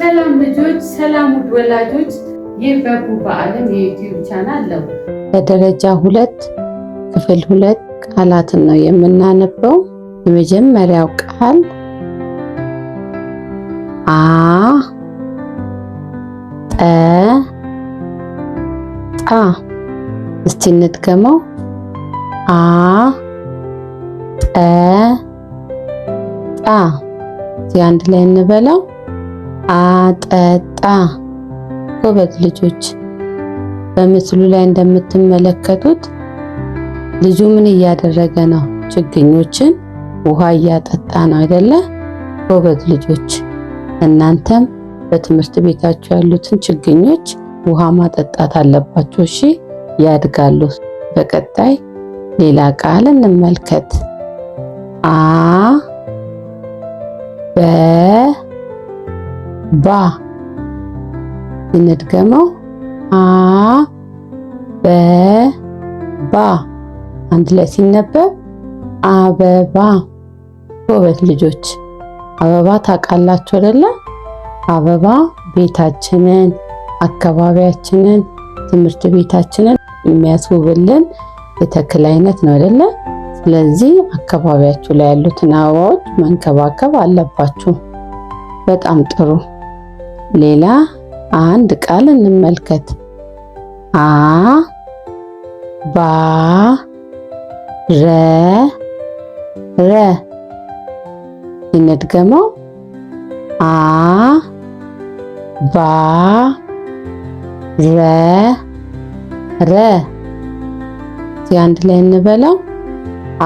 ሰላም ልጆች፣ ሰላም ውድ ወላጆች። ይህ በጉ በዓለም የዩቲዩብ ቻናል ነው። በደረጃ ሁለት ክፍል ሁለት ቃላትን ነው የምናነበው። የመጀመሪያው ቃል አ ጠ ጣ። እስቲ እንድገመው። አ ጠ ጣ። አንድ ላይ እንበለው አጠጣ። ጎበዝ ልጆች፣ በምስሉ ላይ እንደምትመለከቱት ልጁ ምን እያደረገ ነው? ችግኞችን ውሃ እያጠጣ ነው አይደለ? ጎበዝ ልጆች፣ እናንተም በትምህርት ቤታችሁ ያሉትን ችግኞች ውሃ ማጠጣት አለባችሁ። እሺ፣ ያድጋሉ። በቀጣይ ሌላ ቃል እንመልከት። አ በ ባ የምንድገመው አ በ ባ አንድ ላይ ሲነበብ አበባ። ጎበዝ ልጆች አበባ ታውቃላችሁ አይደለ? አበባ ቤታችንን፣ አካባቢያችንን፣ ትምህርት ቤታችንን የሚያስውብልን የተክል አይነት ነው አይደለ? ስለዚህ አካባቢያችሁ ላይ ያሉትን አበባዎች መንከባከብ አለባችሁ። በጣም ጥሩ ሌላ አንድ ቃል እንመልከት። አ ባ ረ ረ እንድገመው። አ ባ ረ ረ አንድ ላይ እንበለው።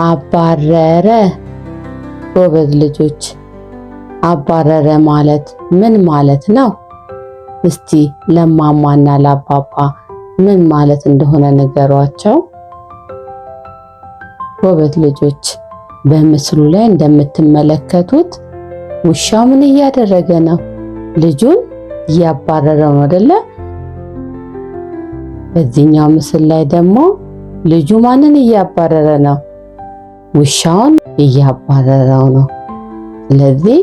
አባረረ። ጎበዝ ልጆች አባረረ ማለት ምን ማለት ነው? እስቲ ለማማና ለአባባ ምን ማለት እንደሆነ ንገሯቸው። ጎበዝ ልጆች፣ በምስሉ ላይ እንደምትመለከቱት ውሻው ምን እያደረገ ነው? ልጁን እያባረረው ነው አይደለ? በዚህኛው ምስል ላይ ደግሞ ልጁ ማንን እያባረረ ነው? ውሻውን እያባረረው ነው። ስለዚህ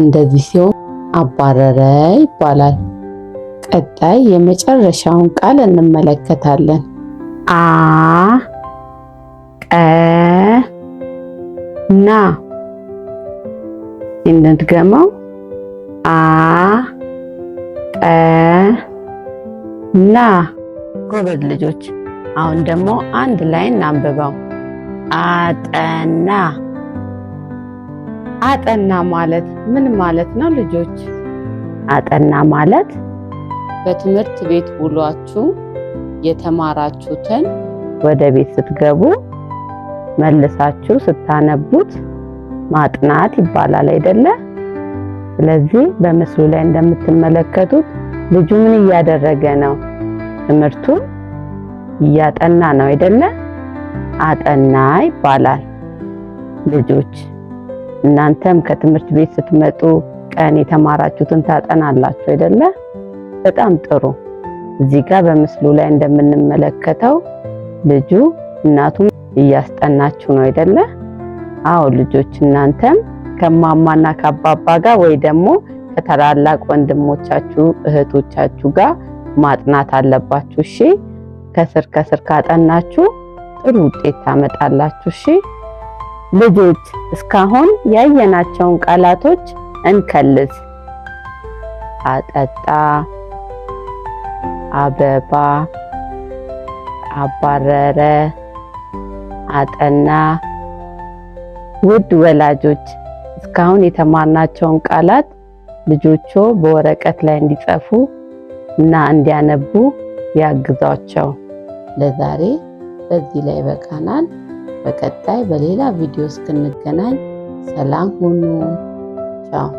እንደዚህ ሲሆን አባረረ ይባላል። ቀጣይ የመጨረሻውን ቃል እንመለከታለን። አ ቀ ና እንደድገመው አ ቀ ና። ጎበዝ ልጆች፣ አሁን ደግሞ አንድ ላይ እናንብበው። አጠና አጠና ማለት ምን ማለት ነው ልጆች? አጠና ማለት በትምህርት ቤት ውሏችሁ የተማራችሁትን ወደ ቤት ስትገቡ መልሳችሁ ስታነቡት ማጥናት ይባላል አይደለ? ስለዚህ በምስሉ ላይ እንደምትመለከቱት ልጁ ምን እያደረገ ነው? ትምህርቱን እያጠና ነው አይደለ? አጠና ይባላል ልጆች። እናንተም ከትምህርት ቤት ስትመጡ ቀን የተማራችሁትን ታጠናላችሁ አይደለ? በጣም ጥሩ። እዚህ ጋር በምስሉ ላይ እንደምንመለከተው ልጁ እናቱም እያስጠናችሁ ነው አይደለ? አዎ ልጆች፣ እናንተም ከማማና ከአባባ ጋር ወይ ደግሞ ከታላላቅ ወንድሞቻችሁ እህቶቻችሁ ጋር ማጥናት አለባችሁ። እሺ፣ ከስር ከስር ካጠናችሁ ጥሩ ውጤት ታመጣላችሁ። እሺ ልጆች እስካሁን ያየናቸውን ቃላቶች እንከልስ። አጠጣ፣ አበባ፣ አባረረ፣ አጠና። ውድ ወላጆች እስካሁን የተማርናቸውን ቃላት ልጆቹ በወረቀት ላይ እንዲጽፉ እና እንዲያነቡ ያግዟቸው። ለዛሬ በዚህ ላይ ይበቃናል። በቀጣይ በሌላ ቪዲዮ እስክንገናኝ ሰላም ሁኑ። ቻው